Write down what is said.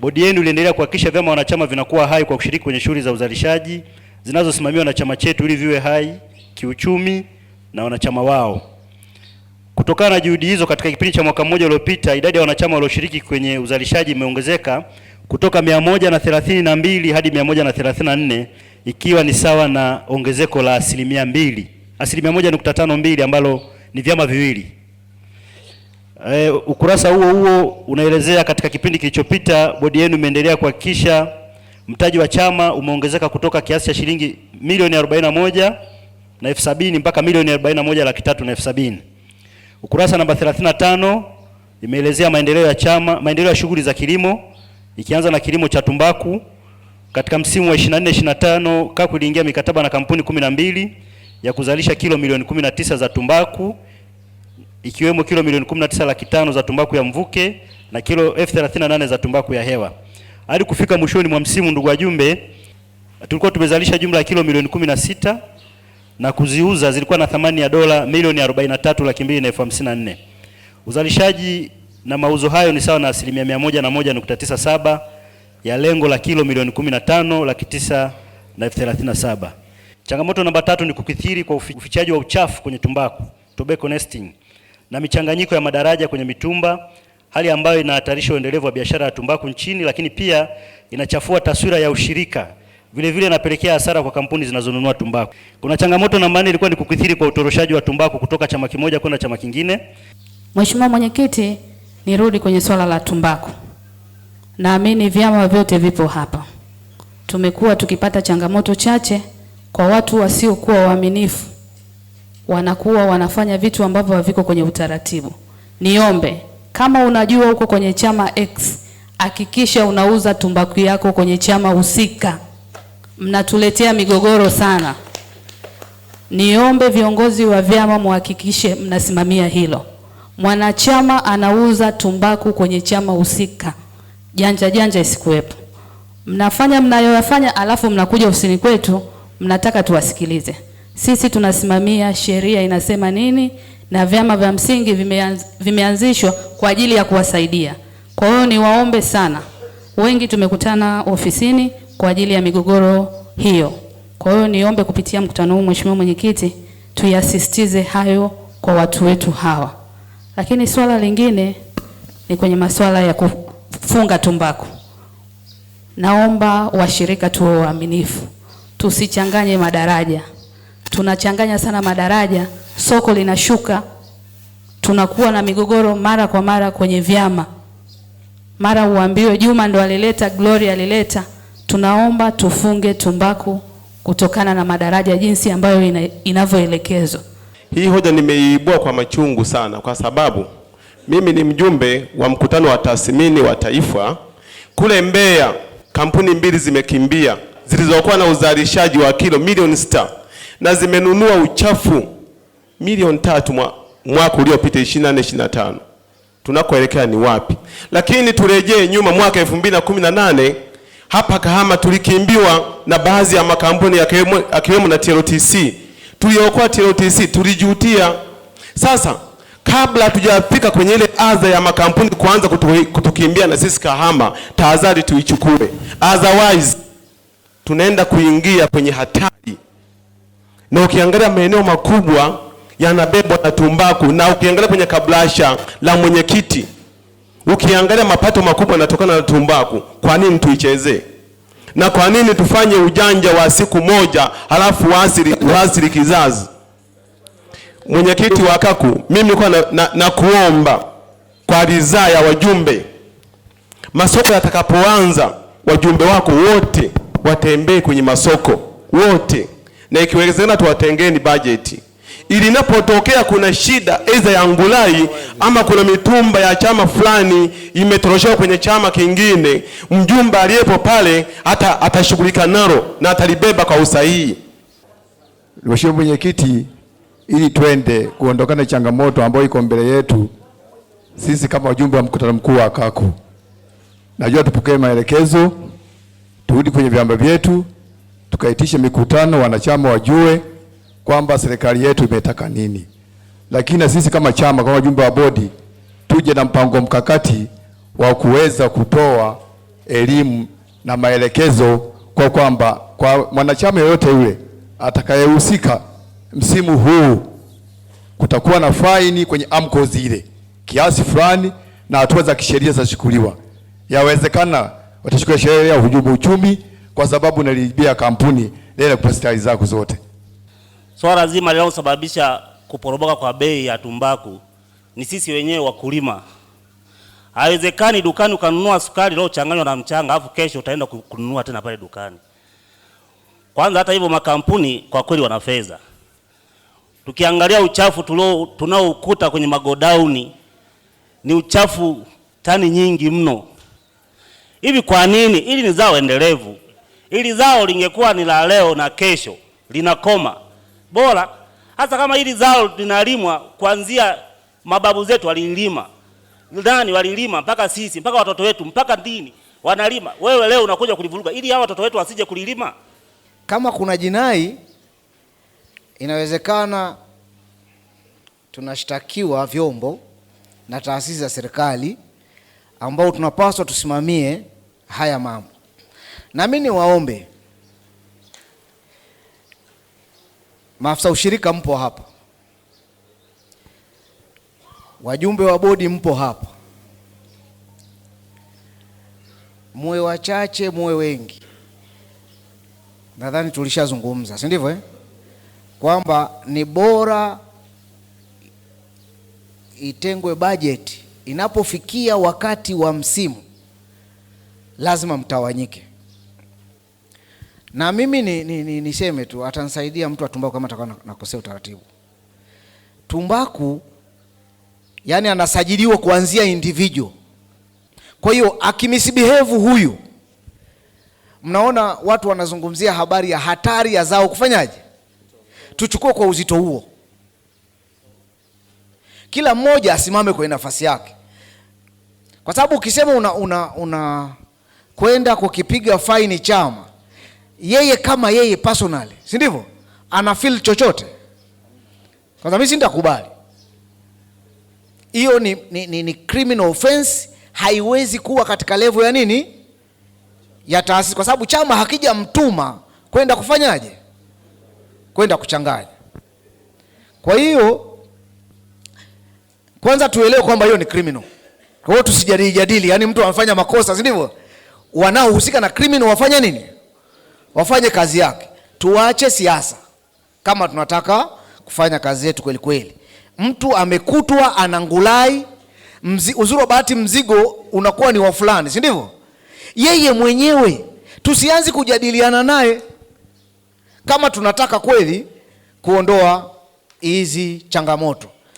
Bodi yenu iliendelea kuhakikisha vyama wanachama vinakuwa hai kwa kushiriki kwenye shughuli za uzalishaji zinazosimamiwa na chama chetu ili viwe hai kiuchumi na wanachama wao. Kutokana na juhudi hizo, katika kipindi cha mwaka mmoja uliopita, idadi ya wanachama walioshiriki kwenye uzalishaji imeongezeka kutoka mbili hadi nne ikiwa ni sawa na ongezeko la asilimia mbili, asilimia moja nukta tano mbili ambalo ni vyama viwili. E, ukurasa huo huo unaelezea katika kipindi kilichopita bodi yenu imeendelea kuhakikisha mtaji wa chama umeongezeka kutoka kiasi cha shilingi milioni 41 na elfu sabini mpaka milioni 41 laki tatu na elfu sabini. Ukurasa namba 35 imeelezea maendeleo ya chama, maendeleo ya shughuli za kilimo ikianza na kilimo cha tumbaku katika msimu wa 24 25 kaku iliingia mikataba na kampuni 12 ya kuzalisha kilo milioni 19 za tumbaku ikiwemo kilo milioni 19 laki tano za tumbaku ya mvuke na kilo elfu 38 za tumbaku ya hewa. Hadi kufika mwishoni mwa msimu, ndugu wajumbe, tulikuwa tumezalisha jumla ya kilo milioni 16 na kuziuza zilikuwa na thamani ya dola milioni 43 laki mbili na elfu 54. Uzalishaji na mauzo hayo ni sawa na asilimia nukta saba ya lengo la kilo milioni 15 laki tisa na elfu 37. Changamoto namba tatu ni kukithiri kwa ufichaji wa uchafu kwenye tumbaku, tobacco nesting na michanganyiko ya madaraja kwenye mitumba, hali ambayo inahatarisha uendelevu wa biashara ya tumbaku nchini, lakini pia inachafua taswira ya ushirika vile vile inapelekea hasara kwa kampuni zinazonunua tumbaku. Kuna changamoto namba nne ilikuwa ni kukithiri kwa utoroshaji wa tumbaku kutoka chama kimoja kwenda chama kingine. Mheshimiwa Mwenyekiti, nirudi kwenye swala la tumbaku. Naamini vyama vyote vipo hapa. Tumekuwa tukipata changamoto chache kwa watu wasiokuwa waaminifu wanakuwa wanafanya vitu ambavyo haviko kwenye utaratibu. Niombe kama unajua uko kwenye chama X, hakikisha unauza tumbaku yako kwenye chama husika. Mnatuletea migogoro sana. Niombe viongozi wa vyama muhakikishe mnasimamia hilo. Mwanachama anauza tumbaku kwenye chama husika, janja janja isikuwepo. Mnafanya mnayoyafanya, alafu mnakuja ofisini kwetu mnataka tuwasikilize. Sisi tunasimamia sheria inasema nini, na vyama vya msingi vimeanz, vimeanzishwa kwa ajili ya kuwasaidia. Kwa hiyo niwaombe sana, wengi tumekutana ofisini kwa ajili ya migogoro hiyo. Kwa hiyo niombe kupitia mkutano huu, Mheshimiwa Mwenyekiti, tuyasisitize hayo kwa watu wetu hawa. Lakini swala lingine ni kwenye masuala ya kufunga tumbaku. Naomba washirika tuwe waaminifu, tusichanganye madaraja tunachanganya sana madaraja, soko linashuka, tunakuwa na migogoro mara kwa mara kwenye vyama, mara uambiwe Juma ndo alileta, Glory alileta. Tunaomba tufunge tumbaku kutokana na madaraja jinsi ambayo ina, inavyoelekezwa. Hii hoja nimeiibua kwa machungu sana, kwa sababu mimi ni mjumbe wa mkutano wa tathmini wa taifa kule Mbeya. Kampuni mbili zimekimbia zilizokuwa na uzalishaji wa kilo milioni sita na zimenunua uchafu milioni tatu mwaka uliopita 24 25. Tunakoelekea ni wapi? Lakini turejee nyuma mwaka 2018 hapa Kahama tulikimbiwa na baadhi ya makampuni akiwemo na TLTC. Tuliokoa TLTC, tulijutia. Sasa kabla hatujafika kwenye ile adha ya makampuni kuanza kutu, kutukimbia na sisi Kahama, tahadhari tuichukue, otherwise tunaenda kuingia kwenye hatari na ukiangalia maeneo makubwa yanabebwa na tumbaku, na ukiangalia kwenye kabrasha la mwenyekiti, ukiangalia mapato makubwa yanatokana na tumbaku. Kwa nini tuichezee? Na kwa nini tufanye ujanja wa siku moja halafu wasiri kizazi? Mwenyekiti wa Kaku, mimi nilikuwa na, na, na kuomba kwa ridhaa ya wajumbe, masoko yatakapoanza, wajumbe wako wote watembee kwenye masoko wote na ikiwezekana tuwatengeni bajeti ili inapotokea kuna shida aidha ya ngulai ama kuna mitumba ya chama fulani imetoroshewa kwenye chama kingine, mjumbe aliyepo pale hata atashughulika nalo na atalibeba kwa usahihi. Mheshimiwa Mwenyekiti, ili twende kuondokana changamoto ambayo iko mbele yetu sisi kama wajumbe wa mkutano mkuu wa kaku najua tupokee maelekezo, turudi kwenye vyama vyetu tukaitishe mikutano, wanachama wajue kwamba serikali yetu imetaka nini, lakini na sisi kama chama, kama wajumbe wa bodi, tuje na mpango mkakati wa kuweza kutoa elimu na maelekezo kwa kwamba kwa mwanachama yoyote yule atakayehusika msimu huu kutakuwa na faini kwenye amko zile kiasi fulani, na hatua za kisheria zitachukuliwa. Yawezekana watachukua sheria ya hujumu uchumi, kwa sababu naliibia kampuni ile stari zako zote. Swala zima linalosababisha kuporomoka kwa bei ya tumbaku ni sisi wenyewe wakulima. Haiwezekani dukani ukanunua sukari leo changanywa na mchanga, afu kesho utaenda kununua tena pale dukani. Kwanza hata hivyo makampuni kwa kweli wana fedha. Tukiangalia uchafu tunaoukuta kwenye magodauni ni uchafu tani nyingi mno. Hivi kwa nini? Ili ni zao endelevu. Hili zao lingekuwa ni la leo na kesho linakoma. Bora hasa kama hili zao linalimwa kuanzia mababu zetu walilima. Ndani walilima mpaka sisi, mpaka watoto wetu, mpaka dini wanalima. Wewe leo unakuja kulivuruga ili hao watoto wetu wasije kulilima. Kama kuna jinai inawezekana tunashtakiwa vyombo na taasisi za serikali ambao tunapaswa tusimamie haya mambo na ni niwaombe maafisa ushirika, mpo hapa, wajumbe wa bodi mpo hapa, muwe wachache muwe wengi. Nadhani tulishazungumza, si ndivyo eh? Kwamba ni bora itengwe bajeti, inapofikia wakati wa msimu lazima mtawanyike. Na mimi niseme ni, ni, ni tu atansaidia mtu atumbaku kama atakuwa nakosea utaratibu. Tumbaku yani anasajiliwa kuanzia individual. Kwa hiyo akimisbehave huyu, mnaona watu wanazungumzia habari ya hatari ya zao kufanyaje, tuchukue kwa uzito huo, kila mmoja asimame kwenye nafasi yake, kwa sababu ukisema una, una, una kwenda kukipiga faini chama yeye kama yeye personally, si ndivyo? Ana feel chochote kwanza, mimi sintakubali hiyo. Ni, ni, ni, ni criminal offense, haiwezi kuwa katika level ya nini ya taasisi, kwa sababu chama hakija mtuma kwenda kufanyaje, kwenda kuchanganya. Kwa hiyo kwanza tuelewe kwamba hiyo ni criminal, kwa hiyo tusijadili jadili, yani mtu amefanya makosa, si ndivyo? Wanaohusika na criminal wafanya nini? wafanye kazi yake, tuache siasa kama tunataka kufanya kazi yetu kweli kweli. Mtu amekutwa anangulai mzi, uzuri wa bahati mzigo unakuwa ni wa fulani, si ndivyo? Yeye mwenyewe tusianze kujadiliana naye kama tunataka kweli kuondoa hizi changamoto.